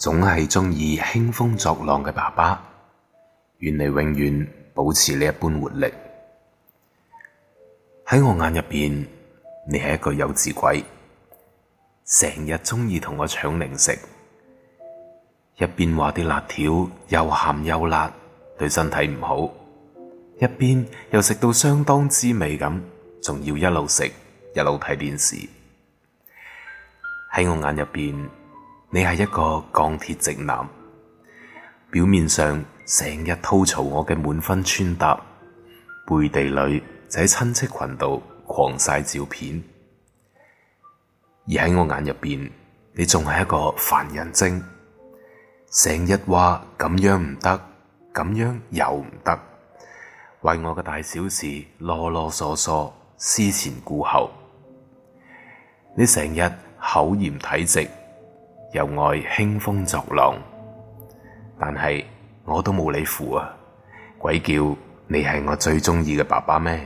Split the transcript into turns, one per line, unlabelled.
總係鍾意興風作浪嘅爸爸，願你永遠保持呢一般活力。喺我眼入邊，你係一個幼稚鬼，成日鍾意同我搶零食，一邊話啲辣條又鹹又辣，對身體唔好，一邊又食到相當滋味咁，仲要一路食一路睇電視。喺我眼入邊。你係一個鋼鐵直男，表面上成日吐槽我嘅滿分穿搭，背地裏就喺親戚群度狂晒照片。而喺我眼入邊，你仲係一個凡人精，成日話咁樣唔得，咁樣又唔得，為我嘅大小事囉囉嗦嗦，思前顧後。你成日口嫌體直。又愛興風作浪，但係我都冇你符啊！鬼叫你係我最鍾意嘅爸爸咩？